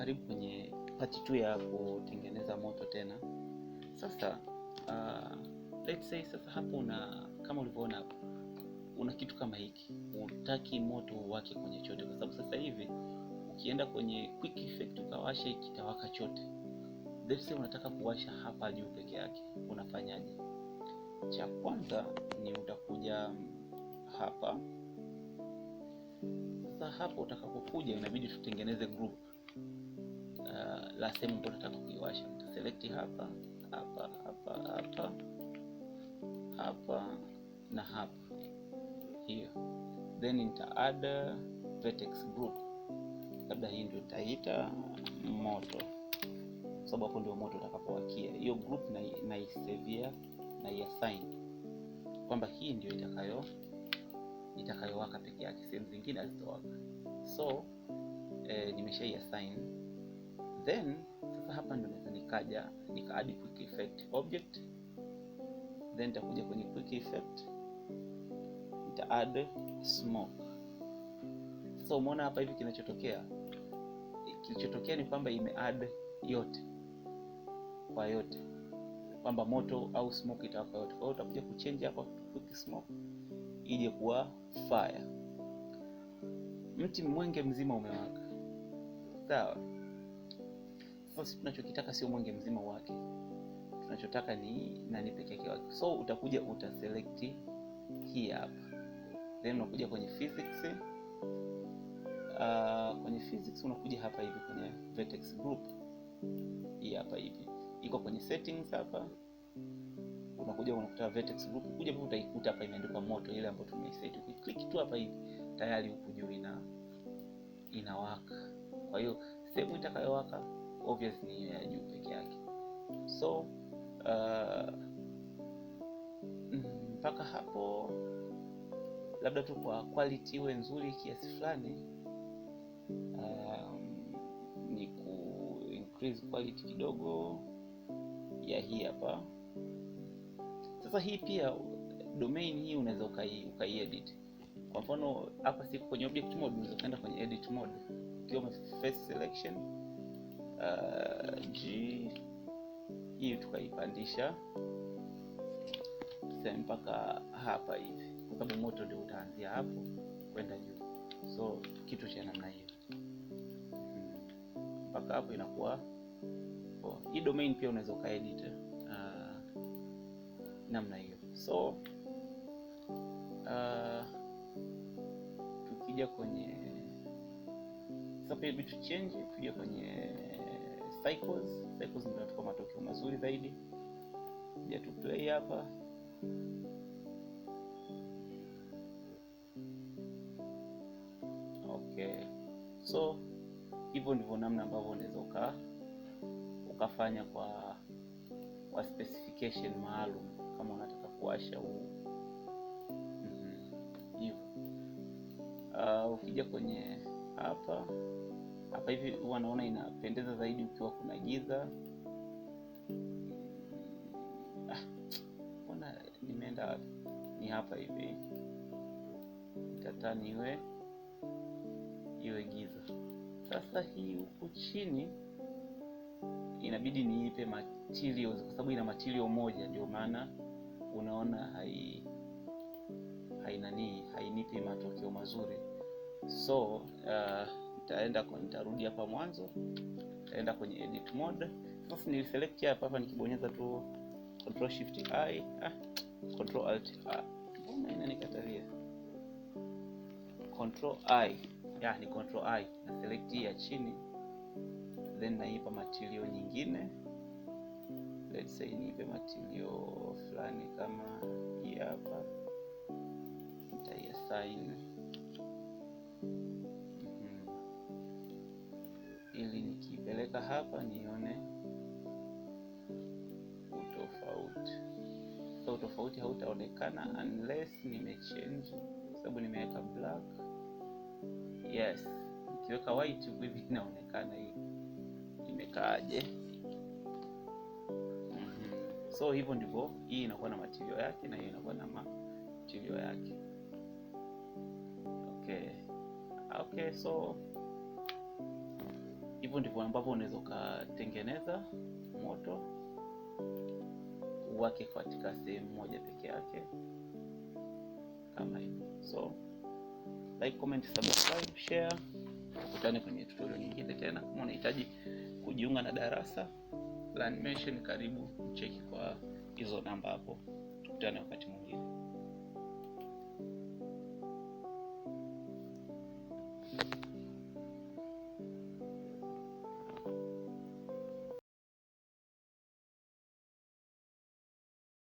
Karibu kwenye pati tu ya kutengeneza moto tena. Sasa uh, let's say sasa hapo una kama ulivyoona hapo una kitu kama hiki, utaki moto wake kwenye chote, kwa sababu sasa hivi ukienda kwenye quick effect ukawasha kitawaka chote. Let's say unataka kuwasha hapa juu peke yake, unafanyaje? Cha kwanza ni utakuja hapa sasa. Hapo utakapokuja inabidi tutengeneze group la sehemu ambayo nataka kuiwasha. Nitaselekti hapa hapa hapa hapa hapa na hapa, hiyo then nita add uh, vertex group, labda hii ndio nitaita moto, sababu hapo ndio moto utakapowakia. Hiyo group naisevia na iasaini kwamba hii ndio itakayo itakayowaka peke yake, sehemu zingine hazitowaka. So eh, nimeshaiasaini Then sasa hapa ndo naweza nikaja nika add quick effect object, then nitakuja kwenye quick effect nita add smoke. Sasa umeona hapa hivi kinachotokea, kilichotokea ni kwamba ime add yote kwa yote, kwamba moto au smoke itakuwa kwa yote. Kwa hiyo utakuja kuchange hapa quick smoke ije kuwa fire. Mti mwenge mzima umewaka, sawa course tunachokitaka sio mwenge mzima wake, tunachotaka ni nani peke yake wake. So utakuja utaselect hii hapa, then unakuja kwenye physics. Uh, kwenye physics unakuja hapa hivi kwenye vertex group hii hapa hivi iko kwenye settings hapa, unakuja unakuta vertex group kuja hapo, utaikuta hapa imeandikwa moto, ile ambayo tumeiset. Ukiklik tu hapa hivi tayari huku juu ina inawaka. Kwa hiyo sehemu itakayowaka obviously ni hiyo ya juu peke yake. So uh, mpaka uh, hapo labda tu kwa quality iwe nzuri kiasi fulani, um, ni ku increase quality kidogo ya hii hapa. Sasa hii pia domain hii unaweza ukaiedit kwa mfano hapa siku kwenye object mode, unaweza ukaenda kwenye edit mode ukiwa face selection uh, G hii tukaipandisha tuseme mpaka hapa hivi, kwa sababu moto ndio utaanzia hapo kwenda juu, so kitu cha namna hiyo hmm. mpaka hapo inakuwa hii Domain pia unaweza ukaedit uh, namna hiyo so uh, tukija kwenye sasa pia itabidi tu kwenye cycles. Cycles ndio tunatoka matokeo mazuri zaidi. Je, tu play hapa okay. So hivyo ndivyo namna ambavyo unaweza uka ukafanya kwa kwa specification maalum kama unataka kuwasha huu mhm. hivyo. Uh, ukija kwenye hapa hapa hivi huwa naona inapendeza zaidi ukiwa kuna giza. Ah, mbona ah, nimeenda Ni hapa hivi, tatani iwe iwe giza. Sasa hii huku chini inabidi niipe materials, kwa sababu ina material moja, ndio maana unaona hai hainanii hainipi matokeo mazuri so uh, nitaenda uh, nitarudi hapa mwanzo, nitaenda kwenye edit mode, alafu ni select hapa hapa, nikibonyeza tu control shift i ah, control alt ah, mbona inanikatalia control i ya ni control i, na select ya chini, then naipa material nyingine, let's say niipe material fulani kama hii hapa, nitaiassign Mhmm. ili nikipeleka hapa nione utofauti. So utofauti hautaonekana unless nimechange, sababu nimeweka black. Yes, nikiweka white hivi inaonekana hii imekaaje. Mm-hmm. So hivyo ndivyo hii inakuwa na matirio yake na hiyo inakuwa na matirio yake. wake. So hivyo ndivyo ambavyo unaweza ukatengeneza moto wake katika sehemu moja peke yake kama hivyo. So like, comment, subscribe, share. Tukutane kwenye tutorial nyingine tena. Kama unahitaji kujiunga na darasa la animation, karibu cheki kwa hizo namba hapo. Tukutane wakati mwingine.